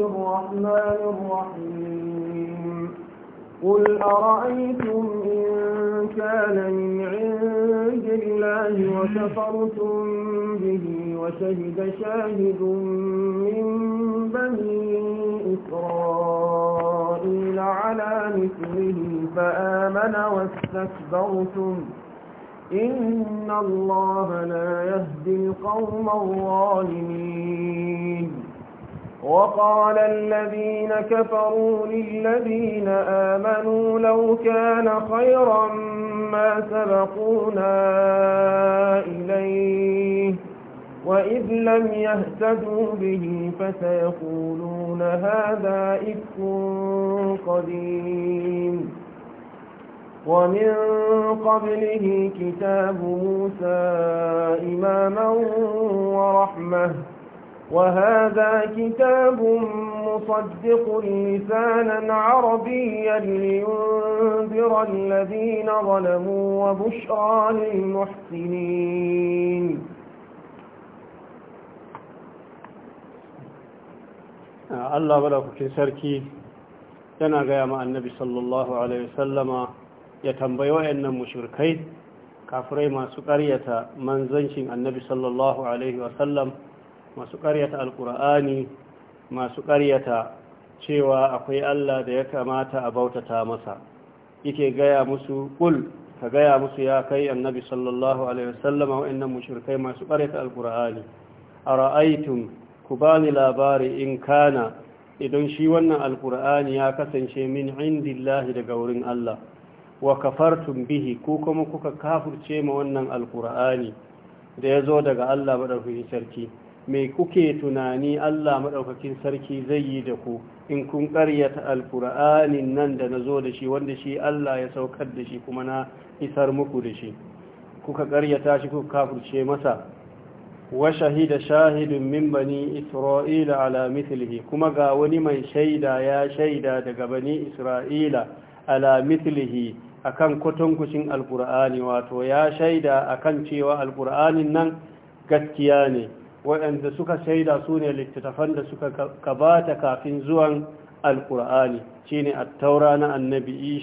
الرحمن الرحيم قل أرأيتم إن كان من عند الله وكفرتم به وشهد شاهد من بني إسرائيل على مثله فآمن واستكبرتم إن الله لا يهدي القوم الظالمين وقال الذين كفروا للذين آمنوا لو كان خيرا ما سبقونا إليه وإذ لم يهتدوا به فسيقولون هذا إفك قديم ومن قبله كتاب موسى إماما ورحمة وهذا كتاب مصدق لسانا عربيا لينذر الذين ظلموا وبشرى للمحسنين الله ولكم في سركي جنا غيام النبي صلى الله عليه وسلم يتنبي وإن مشركين كافرين ما سكريتا منزنش النبي صلى الله عليه وسلم masu ƙaryata alkur'ani masu ƙaryata cewa akwai Allah da ya kamata a bautata masa yake gaya musu ƙul ka gaya musu ya kai annabi sallallahu alaihi wasallam wa'annan mushrikai masu ƙaryata a ra'aitun ku bani labari in kana idan shi wannan alkur'ani ya kasance min indillahi daga wurin Allah wa kafartum bihi ko kuma kuka kafurce ma wannan alkur'ani da ya zo daga Allah madaukakin sarki mai kuke tunani Allah maɗaukakin sarki zai yi da ku in kun ƙaryata alkur'anin nan da na zo da shi wanda shi Allah ya saukar da shi kuma na isar muku da shi kuka ƙaryata shi kuka kafurce masa wa shahida shahidun min bani isra'ila ala mithlihi kuma ga wani mai shaida ya shaida daga bani isra'ila ala mithlihi akan kwatankucin alkur'ani wato ya shaida akan cewa alkur'anin nan gaskiya ne waɗanda suka shaida su ne littattafan da suka gabata kafin zuwan alkur'ani shine attaura na annabi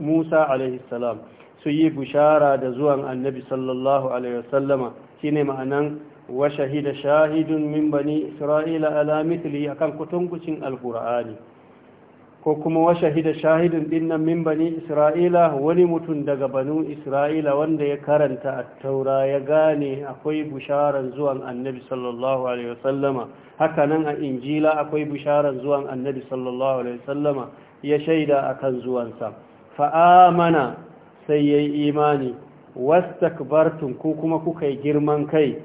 musa alaihissalam su yi bushara da zuwan annabi sallallahu alaihi wasallama shine ma'anan wa shahida shahidun min bani isra'ila ala mithli akan kutungucin alkur'ani ko kuma wa shahida shahidin dinnan min bani isra'ila wani mutum daga banu isra'ila wanda ya karanta a taura ya gane akwai bisharar zuwan annabi sallallahu alaihi wasallama haka nan a injila akwai bisharar zuwan annabi sallallahu alaihi wasallama ya shaida akan zuwansa fa'amana sai yayi imani wastakbartum ko kuma kuka yi girman kai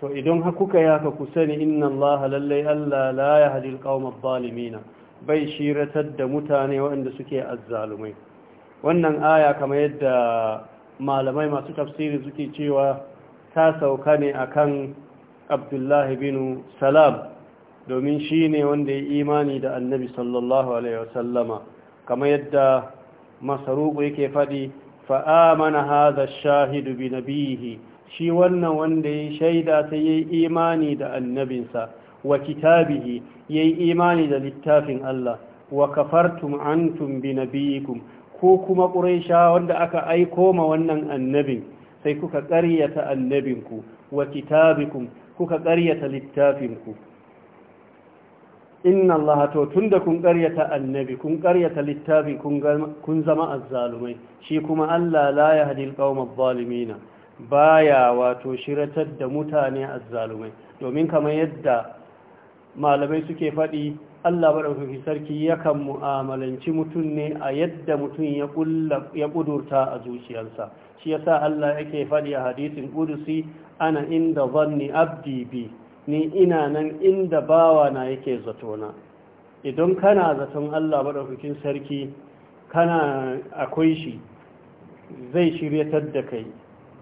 to idan kuka yaka ku sani inna allaha lallai allah la yahdi alqawma adh-dhalimin bai shiratar da mutane waɗanda suke azzalumai wannan aya kamar yadda malamai masu tafsiri suke cewa ta sauka ne akan abdullahi bin salam domin shi ne wanda ya imani da annabi sallallahu alaihi wasallama kamar yadda masarubu yake faɗi fa'amana haza shahidu bi nabihi shi wannan wanda ya shaida sai ya imani da annabinsa wa kitabihi yayi imani da littafin Allah wa kafartum antum bi nabiyikum ko kuma quraisha wanda aka aiko ma wannan annabin sai kuka ƙaryata annabinku wa kitabikum kuka ƙaryata littafinku inna allaha to tunda kun ƙaryata annabi kun ƙaryata littafi kun zama azzalumai shi kuma Allah la yahdi alqawma adh baya wato shiratar da mutane azzalumai domin kamar yadda malamai suke faɗi Allah maɗaukaki sarki yakan mu'amalanci mutum ne a yadda mutum ya ƙudurta a zuciyarsa shi yasa Allah yake faɗi a hadisin ƙudusi ana inda zanni abdi bi ni ina nan inda bawa na yake na. idan kana zaton Allah maɗaukakin sarki kana akwai shi zai shiryatar da kai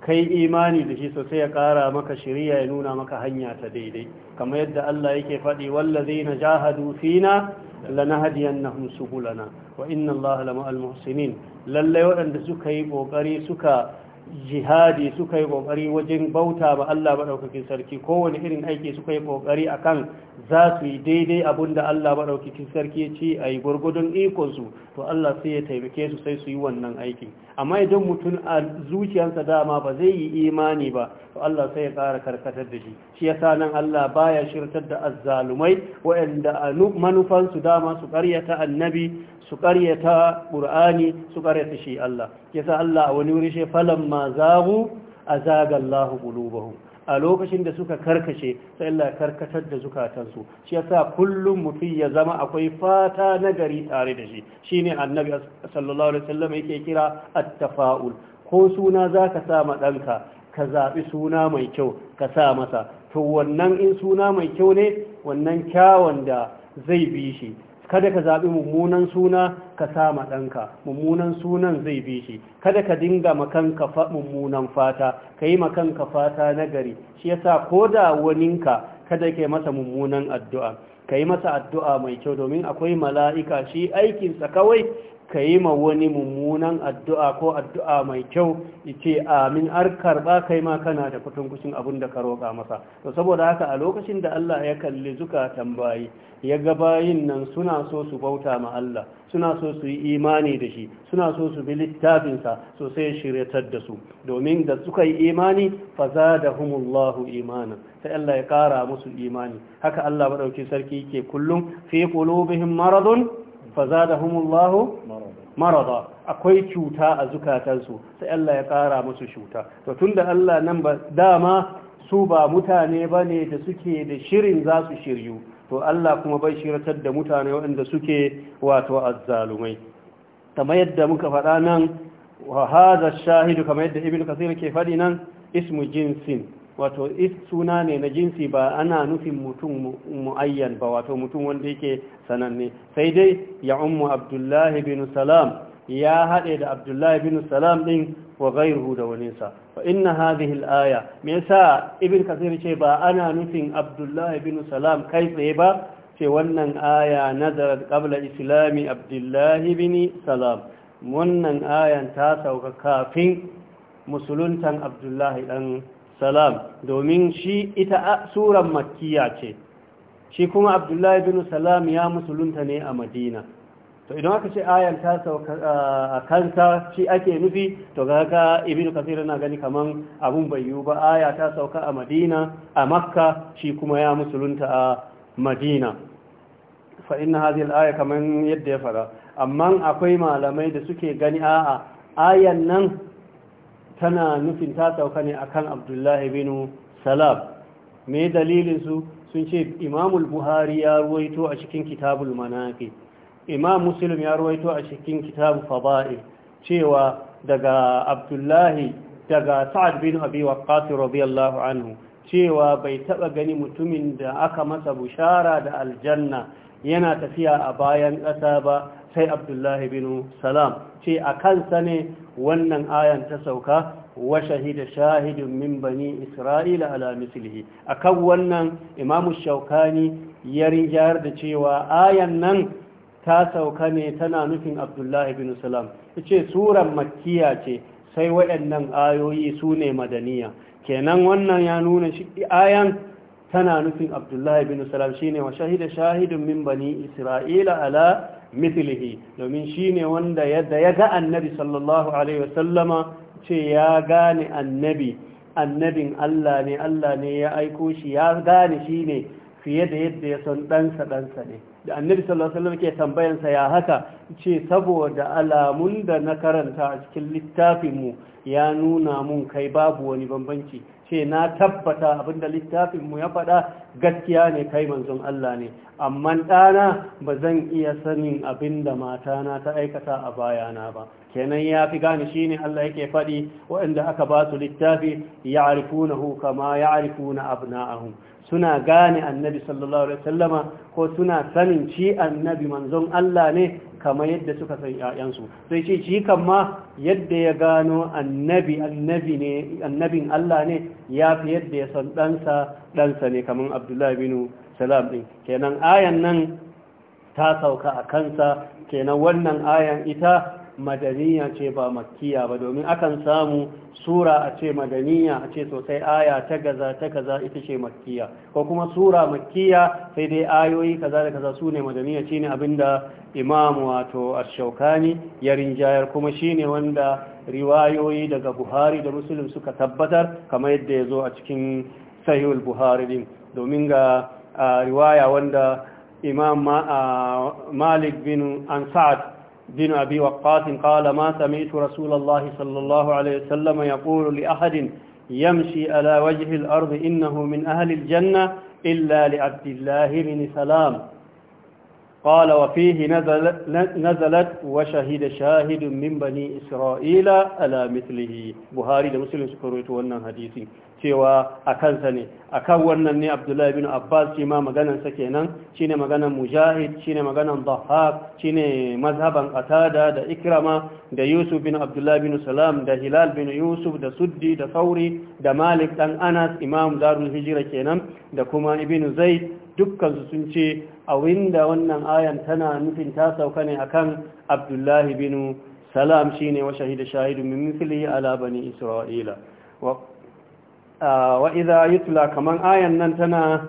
kai imani da shi sosai ya ƙara maka shirya ya nuna maka hanya ta daidai kamar yadda Allah yake faɗi wallazi na jahadu fina lanahdiyannahum subulana wa inna Allah lama al-muhsinin lalle waɗanda suka yi kokari suka jihadi suka yi kokari wajen bauta ba Allah maɗaukakin sarki kowane irin aiki suka yi kokari akan za su yi daidai abin da Allah maɗaukakin sarki ce a yi gwargwadon ikonsu to Allah sai ya taimake su sai su yi wannan aiki amma idan mutum a zuciyarsa dama ba zai yi imani ba to Allah sai ya ƙara karkatar da shi shi yasa nan Allah baya shirtar da azzalumai waɗanda manufansu dama su ƙaryata annabi su karyata ƙur'ani su karyata shi Allah Ya sa Allah a wani wuri shi falamma zagu azagallahu qulubahum a lokacin da suka karkashe sai Allah karkatar da zukatansu shi sa kullum mutum ya zama akwai fata na gari tare da shi Shi ne annabi sallallahu alaihi wasallam yake kira attafa'ul tafaul ko suna za ka sa ma ɗanka ka zaɓi suna mai kyau ka sa masa to wannan in suna mai kyau ne wannan kyawun da zai bi shi kada ka zaɓi mummunan suna ka sama ɗanka mummunan sunan zai bi shi kada ka dinga makanka mummunan fata ka yi makanka fata na gari shi yasa ko da waninka kada ka masa mummunan addu'a ka yi masa addu'a mai kyau domin akwai mala'ika shi aikinsa kawai ka yi ma wani mummunan addu'a ko addu'a mai kyau ce amin ar karɓa kai ma kana da kushin abin da ka roƙa masa to saboda haka a lokacin da Allah ya kalli zukatan bayi ya ga bayin nan suna so su bauta ma Allah suna so su yi imani da shi suna so su bi littafinsa so sai shiryatar da su domin da suka yi imani fa humullahu imanin sai Allah ya ƙara musu imani haka Allah madauki sarki ke kullum fi qulubihim maradun فزادهم الله مرضا akwai cuta a zukatansu sai Allah ya kara musu cuta to tunda Allah nan ba dama su ba mutane bane da suke da shirin za su shiryu to Allah kuma bai shiratar da mutane waɗanda suke wato azzalumai kamar yadda muka faɗa nan wa hadha shahidu kamar yadda ibnu kasir ke faɗi nan ismu jinsin wato is suna ne na jinsi ba ana nufin mutum mu'ayyan ba wato mutum wanda yake sananne sai dai ya ummu abdullahi bin salam ya haɗe da abdullahi bin salam ɗin wa gairu da waninsa fa inna hadhihi al me yasa ibn kasir ce ba ana nufin abdullahi bin salam kai tsaye ba ce wannan aya nazarat qabla islami abdullahi bin salam wannan ayan ta sauka kafin musuluntan abdullahi dan salam domin shi ita suran makkiya ce shi kuma abdullahi bin salam ya musulunta ne a madina to idan aka ce ayan ta sauka a kansa shi ake nufi to ga haka ibnu kasir na gani kaman abun bai ba aya ta sauka a madina a makka shi kuma ya musulunta a madina fa inna hadhihi al-aya kaman yadda ya fara amma akwai malamai da suke gani a ayan nan tana nufin ta sauka ne akan abdullahi bin salam me dalilin su sun ce imamul buhari ya ruwaito a cikin kitabul manaqib imam muslim ya ruwaito a cikin kitabu fada'il cewa daga abdullahi daga sa'ad bin abi waqqas radiyallahu anhu cewa bai taba gani mutumin da aka masa bushara da aljanna yana tafiya a bayan ƙasa ba sai abdullahi bin salam ce a kansa ne wannan ayan ta sauka wa shahida shahidun min bani isra'ila ala mislihi akan wannan imamu shaukani ya rinjayar da cewa ayan nan ta sauka ne tana nufin abdullahi bin salam ce suran makkiya ce sai waɗannan ayoyi su ne madaniya kenan wannan ya nuna ayan tana nufin abdullahi bin salam shine wa shahida shahidun min bani isra'ila ala mithlihi domin shine wanda yadda ya ga annabi sallallahu alaihi wasallama ce ya gane annabi annabin Allah ne Allah ne ya aiko shi ya gane shine fiye da yadda ya san ɗansa sa ne da annabi sallallahu alaihi wasallam ke sa ya haka ce saboda alamun da na karanta a cikin littafinmu ya nuna mun kai babu wani bambanci ce na tabbata abinda littafinmu ya faɗa gaskiya ne kai manzon Allah ne amma ɗana ba zan iya sanin abinda matana ta aikata a bayana ba kenan ya fi gane shi ne Allah yake faɗi waɗanda aka ba su littafi ya arifunahu kama ya arifuna abna'ahum suna gane annabi sallallahu alaihi sallama, ko suna sanin ci annabi manzon Allah ne kamar yadda suka san ƴaƴansu sai ce shi kan yadda ya gano annabi annabi ne annabin Allah ne ya fi yadda ya san ɗansa ɗansa ne kamar Abdullahi bin Salam din kenan ayan nan ta sauka a kansa kenan wannan ayan ita madaniya ce ba makkiya ba domin akan samu sura a ce madaniya a ce sosai aya ta gaza ta kaza ita ce makkiya ko kuma sura makkiya sai dai ayoyi kaza da kaza su ne madaniya shi ne abinda imam wato ashaukani ya rinjayar kuma shine ne wanda riwayoyi daga buhari da musulun suka tabbatar kamar yadda ya zo a cikin sahihul buhari din domin ga riwaya wanda imam malik bin ansad بن أبي وقاص قال ما سمعت رسول الله صلى الله عليه وسلم يقول لأحد يمشي على وجه الأرض إنه من أهل الجنة إلا لعبد الله بن سلام قال وفيه نزلت, نزلت وشهد شاهد من بني إسرائيل على مثله بهاري لمسلم سكرت وانا حديثي cewa a kansa ne a kan wannan ne abdullahi bin abbas shi ma maganansa kenan shi ne maganan mujahid shi ne maganan dhahab shi ne mazhaban qatada da ikrama da yusuf bin abdullahi bin salam da hilal bin yusuf da suddi da sauri da malik dan anas imam darul hijira kenan da kuma ibn zaid dukkansu sun ce a winda wannan ayan tana nufin ta sauka ne akan abdullahi bin salam shine wa shahida shahidu min mithlihi ala bani isra'ila Ah, wa idha yutla kaman ayan nan tana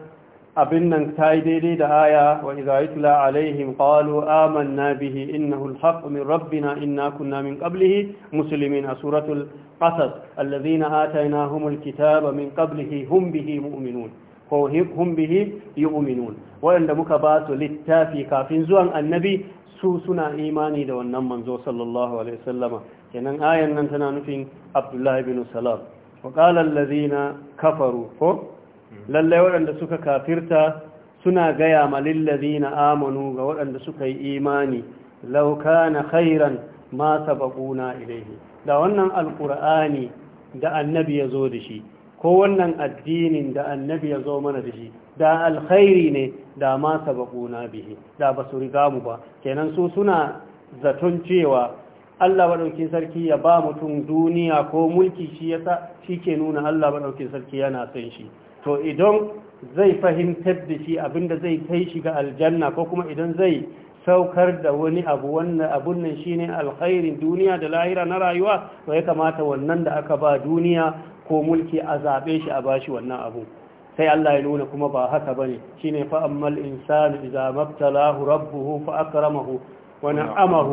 abin nan ta yi daidai da aya wa idha yutla alaihim qalu amanna bihi innahu alhaq min rabbina inna kunna min qablihi muslimin a suratul qasas allazina atainahum alkitaba min qablihi hum bihi mu'minun ko hum bihi yu'minun wanda muka ba su littafi kafin zuwan annabi su suna imani da wannan manzo sallallahu alaihi wasallama kenan ayan nan tana nufin abdullahi bin salam وقال الذين كفروا lallai waɗanda suka kafirta suna gaya ma lillazina amanu ga waɗanda suka yi imani lauka na khairan ma baƙuna ilaihi da wannan alqur'ani da annabi ya zo da shi ko wannan addinin da annabi ya zo mana da shi da alkhairi ne da ma baƙuna bihi da basu riga mu ba kenan su suna zaton cewa Allah maɗaukin sarki ya ba mutum duniya ko mulki shi ya sa shi ke nuna Allah maɗaukin sarki yana son shi to idan zai fahimtar da shi abinda zai kai shi ga aljanna ko kuma idan zai saukar da wani abu wannan abun nan shine alkhairin duniya da lahira na rayuwa to ya kamata wannan da aka ba duniya ko mulki a zaɓe shi a bashi wannan abu sai Allah ya nuna kuma ba haka bane shine fa ammal insanu idza mabtalahu rabbuhu fa akramahu ونعمه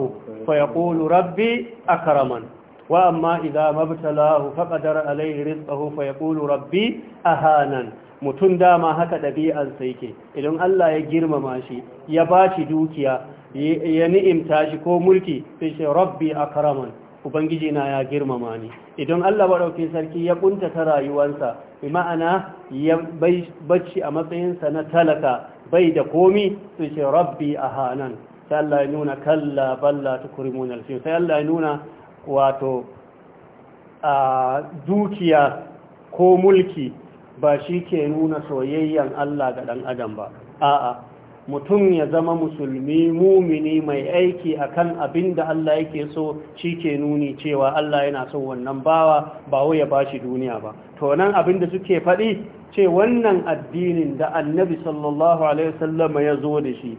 فيقول ربي أكرمن وأما إذا ما ابتلاه فقدر عليه رزقه فيقول ربي أهانا mutum dama haka ɗabi'arsa yake idan Allah ya girmama shi ya bashi dukiya ya ni'imta shi ko mulki sai shi rabbi akraman ubangiji na ya girmama ni idan Allah maɗaukin sarki ya kuntata rayuwarsa ma'ana ya bacci a matsayinsa na talaka bai da komi sai shi rabbi ahanan sai Allah ya nuna kalla balla tukrimun alfin sai Allah ya nuna wato a dukiya ko mulki ba shi ke nuna soyayyan Allah ga dan adam ba a'a mutum ya zama musulmi mumini mai aiki akan abinda Allah yake so shi ke nuni cewa Allah yana so wannan bawa ba wai ya bashi duniya ba to nan abin suke faɗi ce wannan addinin da annabi sallallahu alaihi wasallam ya zo da shi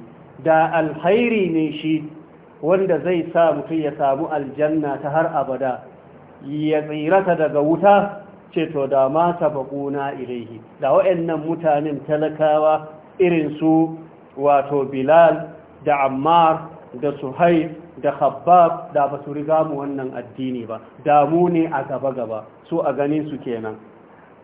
da alhairi ne shi wanda zai sa mutum ya samu aljanna ta har abada ya tsirata daga wuta ce to da ma sabaquna ilaihi da wayannan mutanen talakawa irin su wato Bilal da Ammar da suhai da Khabbab da basu riga mu wannan addini ba damu ne a gaba gaba su a ganin su kenan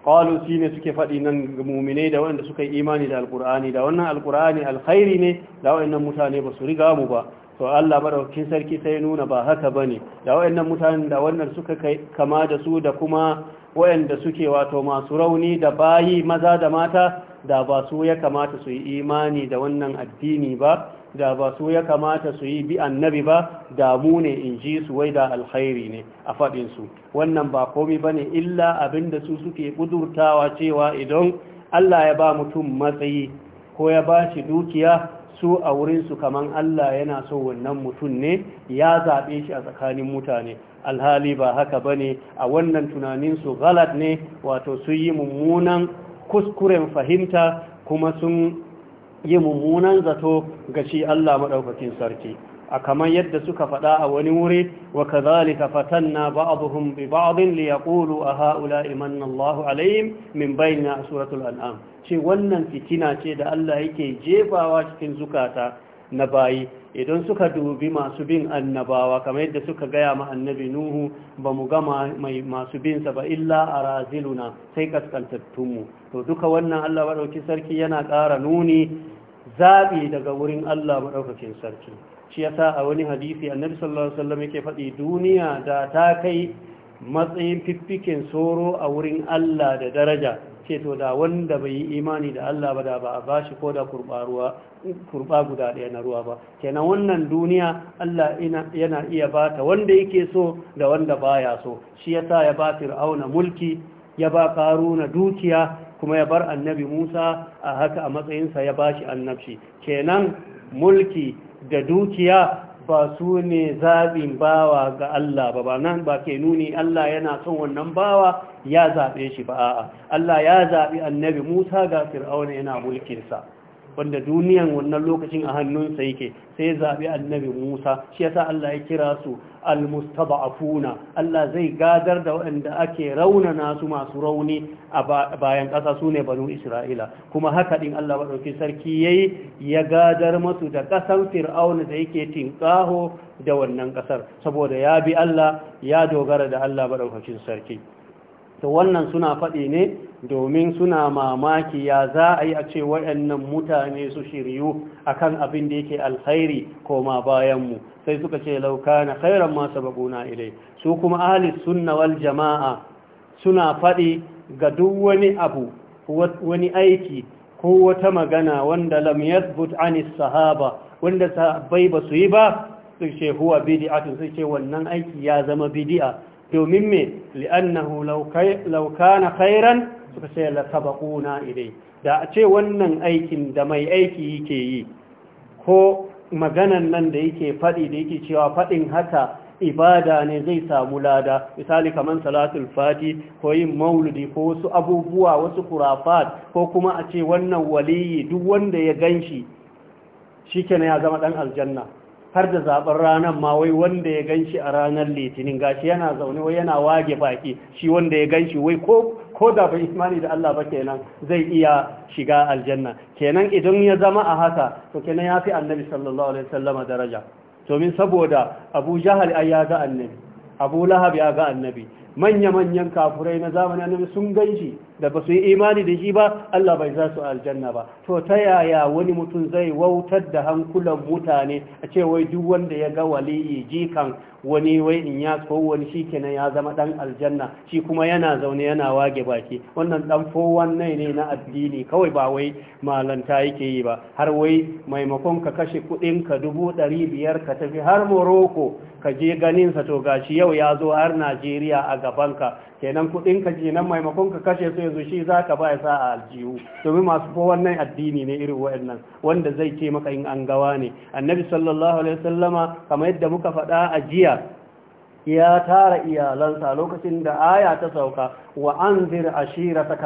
qalu shi ne suke faɗi nan ga mu'minai da waɗanda suka yi imani da alqur'ani da wannan alqur'ani alkhairi ne da waɗannan mutane ba su riga mu ba to Allah madaukakin sarki sai nuna ba haka bane da waɗannan mutanen da wannan suka kai kama da su da kuma wayanda suke wato masu rauni da bayi maza da mata da ba su ya kamata su yi imani da wannan addini ba da ba su ya kamata su yi bi annabi ba damu ne in ji su wai da alkhairi ne a faɗinsu wannan ba komi ba ne illa da su suke ƙudurtawa cewa idan Allah ya ba mutum matsayi ko ya ba shi dukiya su a wurinsu kaman Allah yana so wannan mutum ne ya zaɓe shi a tsakanin mutane alhali ba haka ba ne a wannan tunanin su galat ne wato su yi mummunan kuskuren fahimta kuma sun yi mummunan zato ga shi Allah maɗaukakin sarki a kamar yadda suka faɗa a wani wuri wa kazalika fatanna hun bi ba'dhin li ƙulu a haula imanna Allah alaihim min a suratul an'am ce wannan fitina ce da Allah yake jefawa cikin zukata na bayi idan suka dubi masu bin annabawa kamar yadda suka gaya ma annabi nuhu ba mu gama mai masu binsa ba illa a raziluna sai kaskantattunmu to duka wannan allah waɗauki sarki yana ƙara nuni zaɓe daga wurin Allah maɗaukakin sarki shi yasa a wani hadisi annabi sallallahu alaihi wasallam yake faɗi duniya da ta kai matsayin fiffikin soro a wurin Allah da daraja ce to da wanda bai yi imani da Allah ba da ba a bashi ko da kurɓa guda ɗaya na ruwa ba kenan wannan duniya Allah yana iya ba ta wanda yake so da wanda baya so shi yasa ya ba fir'auna mulki ya ba karuna dukiya kuma ya bar annabi musa a haka a matsayinsa ya ba shi annabci kenan mulki da dukiya ba su ne zaɓin bawa ga Allah ba ba nan ba ke nuni Allah yana son wannan bawa ya zaɓe shi ba a'a Allah ya zaɓi annabi Musa ga Fir'auna yana mulkinsa wanda duniyan wannan lokacin a hannunsa yake sai ya zaɓi annabi musa shi yasa allah ya kira su almustaba'afuna allah zai gadar da waɗanda ake raunana su masu rauni a bayan ƙasa su ne banu isra'ila kuma haka ɗin allah maɗauki sarki ya yi ya gadar masu da ƙasar fir'auna da yake tinƙaho da wannan ƙasar saboda ya bi allah ya dogara da allah maɗaukacin sarki to wannan suna faɗi ne domin suna mamaki ya za a yi a ce waɗannan mutane su shiryu akan abin da yake alkhairi koma bayanmu sai suka ce lauka na khairan masu baguna ilai su kuma ahalis sunna wal jama'a suna faɗi ga duk wani abu wani aiki ko wata magana wanda lam yathbut anis sahaba wanda sahabbai ba su yi ba su ce huwa tun su ce wannan aiki ya zama bidi'a domin me li'annahu law kana khairan suka ce ilai da a ce wannan aikin da mai aiki yake yi ko maganan nan da yake faɗi da yake cewa faɗin haka ibada ne zai samu lada misali kamar salatul fati ko yin mauludi ko wasu abubuwa wasu kurafat ko kuma a ce wannan waliyi duk wanda ya ganshi shikenan ya zama dan aljanna har da zaben ranar ma wai wanda ya ganshi a ranar litinin gashi yana zaune wai yana wage baki shi wanda ya ganshi wai ko ko da bai imani da Allah ba kenan zai iya shiga aljanna kenan idan ya zama a haka to kenan ya fi annabi sallallahu alaihi wasallam daraja domin saboda abu jahal ai ya ga annabi abu lahab ya ga annabi manya-manyan kafurai na zamani annabi sun ganshi da ba su yi imani da shi ba Allah bai za su aljanna ba to ta yaya wani mutum zai wautar da hankulan mutane a ce wai duk wanda ya ga waliyi jikan wani wai in ya Ko wani shi ya zama dan aljanna shi kuma yana zaune yana wage baki wannan dan fowan nai ne na addini kawai ba wai malanta yake yi ba har wai maimakon ka kashe kuɗin ka dubu ɗari biyar ka tafi har morocco ka je ganinsa to gashi yau ya zo har najeriya a gabanka kenan kudin ka kenan maimakon ka kashe su yanzu shi za ka ba sa a aljihu domin masu ko wannan addini ne irin wa'annan wanda zai ce maka in an gawa ne annabi sallallahu alaihi wasallama kamar yadda muka faɗa a jiya ya tara iyalansa lokacin da aya ta sauka wa an zira ashira ta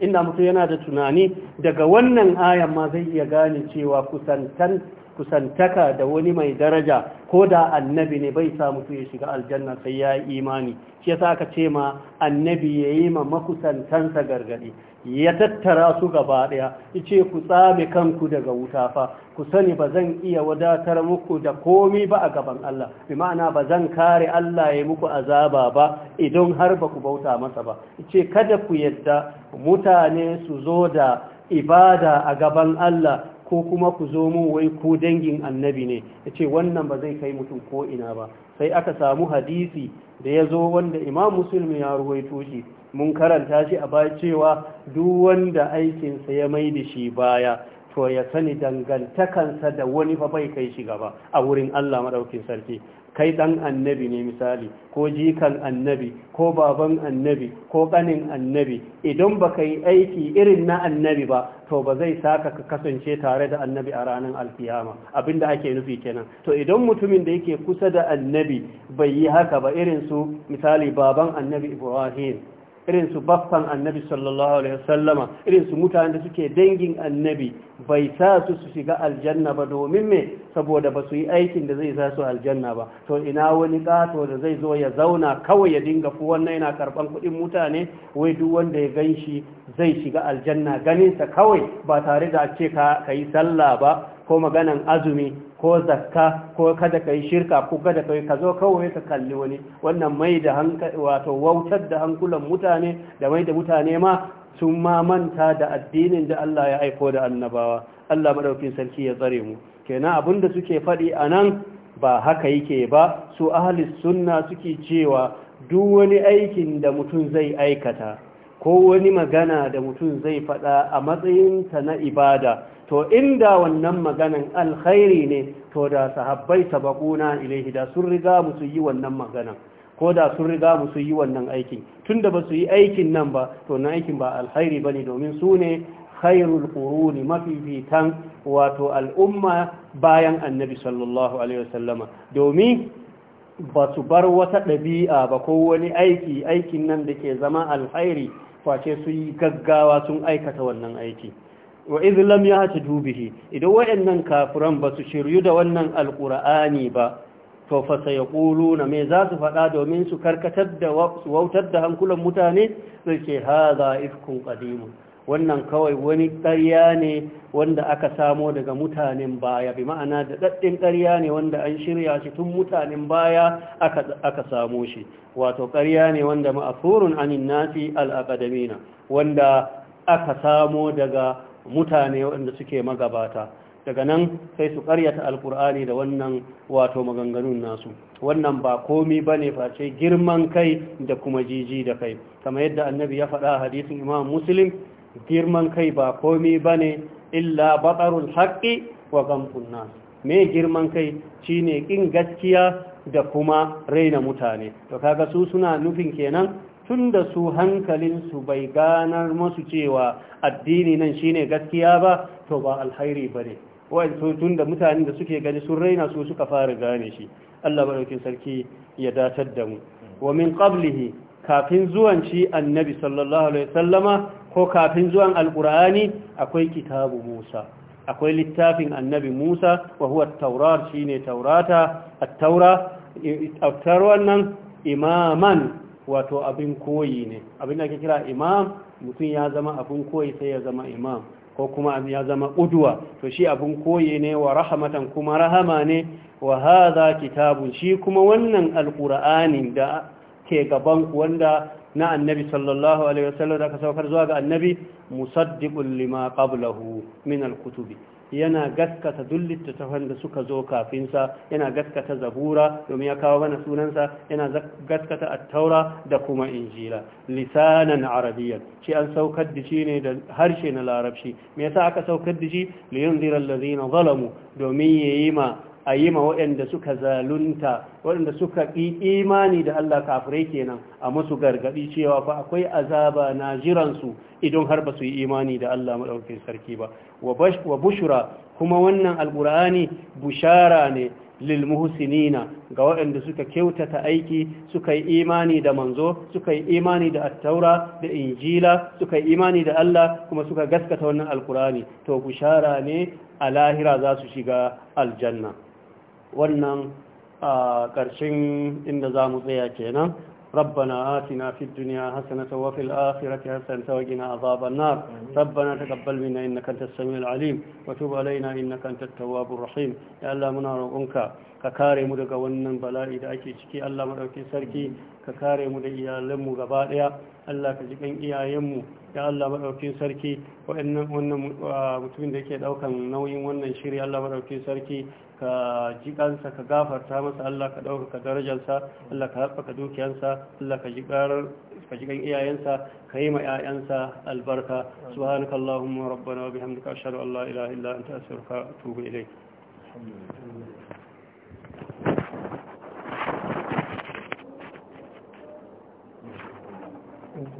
inda mutum yana da tunani daga wannan ayan ma zai iya gane cewa kusantan kusantaka da wani mai daraja ko da annabi ne bai sa mutu ya shiga aljanna sai ya yi imani shi sa aka ce ma annabi ya yi ma makusantansa gargaɗi ya tattara su gaba ɗaya yace ku tsame kanku daga wuta fa ku sani ba zan iya wadatar muku da komi ba a gaban Allah bi ma'ana ba zan kare Allah ya muku azaba ba idan har ba ku bauta masa ba ce kada ku yadda mutane su zo da ibada a gaban Allah ko kuma ku zo mun wai ko dangin annabi ne ya ce wannan ba zai kai mutum ko ina ba sai aka samu hadisi da ya zo wanda imam musulmi ya ruwaito shi mun karanta shi a baya cewa duk wanda aikinsa ya mai da shi baya to ya sani dangantakansa da wani fa bai kai shi gaba a wurin Allah maɗaukin sarki kai dan annabi ne misali ko jikan annabi ko baban annabi ko kanin annabi idan ba ka yi aiki irin na annabi ba to ba zai saka ka kasance tare da annabi a ranar alkiyama abinda ake nufi kenan to idan mutumin da yake kusa da annabi bai yi haka ba irin su misali baban annabi ibrahim irin su baffan annabi sallallahu alaihi wasallama irin su mutanen da suke dangin annabi bai sa su su shiga aljanna ba domin me saboda ba su yi aikin da zai sa su aljanna ba to ina wani kato da zai zo ya zauna kawai ya dinga fu wannan yana karban kuɗin mutane wai duk wanda ya ganshi zai shiga aljanna ganin sa kawai ba tare da ce ka yi sallah ba ko maganan azumi ko zakka ko kada ka shirka ko kada ka yi kawai ka kalli wani wannan mai da hankali, wato wautar da hankulan mutane da mai da mutane ma sun ma manta da addinin da Allah ya aiko da annabawa Allah madaukin sarki ya tsare mu kenan abun da suke faɗi anan, ba haka yake ba su ahli sunna suke cewa duk wani aikin da mutum zai aikata ko wani magana da mutum zai faɗa a matsayin ta na ibada to inda wannan maganan alkhairi ne to da sahabbai sabaquna ilaihi da sun riga musu yi wannan magana ko da sun riga musu yi wannan aikin tunda ba su yi aikin nan ba to na aikin ba alkhairi bane domin su ne khairul quruni mafifitan wato al'umma bayan annabi sallallahu alaihi wasallama domin ba su bar wata ɗabi'a ba ko wani aiki aikin nan da ke zama alkhairi face sun yi gaggawa sun aikata wannan aiki wa izlam ya haci dubihi idan waɗannan kafiran ba su shiryu da wannan alƙura'ani ba to fa sai na me za su faɗa domin su karkatar da wautar da hankulan mutane zai ce haza ifkun ƙadimun wannan kawai wani ƙarya ne wanda aka samo daga mutanen baya bi ma'ana da daddin ƙarya ne wanda an shirya shi tun mutanen baya aka samo shi wato ƙarya ne wanda ma'thurun anin nasi al aqadamina wanda aka samo daga mutane wanda suke magabata daga nan sai su karyata alkur'ani da wannan wato maganganun nasu wannan ba komi ba ne face girman kai da kuma jiji da kai kamar yadda annabi ya faɗa hadisin imam muslim girman kai ba komi ba ne illa batarul haƙƙi wa gamtun nan me girman kai shi ne ƙin gaskiya da kuma raina mutane to kaga su suna nufin kenan tun da su hankalinsu bai ganar masu cewa addini nan shi ne gaskiya ba to ba alhairi bane tun tunda mutanen da suke gani sun raina su suka fara gane shi Allah maɗaukin sarki ya datar da mu wa min ƙablihi kafin zuwan shi annabi sallallahu alaihi wasallama ko kafin zuwan alkur'ani akwai kitabu musa akwai littafin annabi musa wa huwa taurar shine taurata at-taura at wannan imaman wato abin koyi ne abin da ke kira imam mutum ya zama abin koyi sai ya zama imam ko kuma ya zama uduwa to shi abin koyi ne wa rahamatan kuma rahama ne wa hadha kitabun shi kuma wannan alqur'anin da ke gaban wanda na annabi sallallahu alaihi wasallam da aka saukar zuwa ga annabi musaddiqul lima qablahu min alkutubi. yana gaskata duk littattafan da suka zo kafin sa yana gaskata zabura domin ya kawo mana sunansa yana gaskata attaura da kuma injila lisanan arabiyyan shi an saukar da shi ne da harshe na larabci me yasa aka saukar da shi liyun allazina zalamu domin ya ma a yi ma waɗanda suka zalunta waɗanda suka ƙi imani da Allah kafirai kenan a musu gargaɗi cewa fa akwai azaba na jiransu idan har ba su yi imani da Allah maɗaukin sarki ba wa bushura kuma wannan alƙur'ani bushara ne lil muhsinina ga waɗanda suka kyautata aiki suka yi imani da manzo suka yi imani da attaura da injila suka yi imani da Allah kuma suka gaskata wannan alkurani to bushara ne a lahira za su shiga aljanna wannan a ƙarshen inda za mu tsaya kenan ربنا آتنا في الدنيا حسنة وفي الآخرة حسنة وقنا عذاب النار ربنا تقبل منا إنك أنت السميع العليم وتب علينا إنك أنت التواب الرحيم يا الله منا رؤونك ka kare mu daga wannan bala'i da ake ciki Allah madaukakin sarki ka kare mu da iyalanmu gaba ɗaya, Allah ka ji kan iyayenmu ya Allah madaukakin sarki wannan wannan ah, mutumin da yake ɗaukan nauyin wannan shiri Allah madaukakin sarki ka ji kansa ka gafarta masa Allah ka dauka ka darajarsa Allah ka haɓaka dukiyansa Allah ka ji karar ka ji kan iyayensa ka yi ma iyayensa albarka subhanakallahumma rabbana wa bihamdika ashhadu an la ilaha illa anta astaghfiruka wa atubu ilayk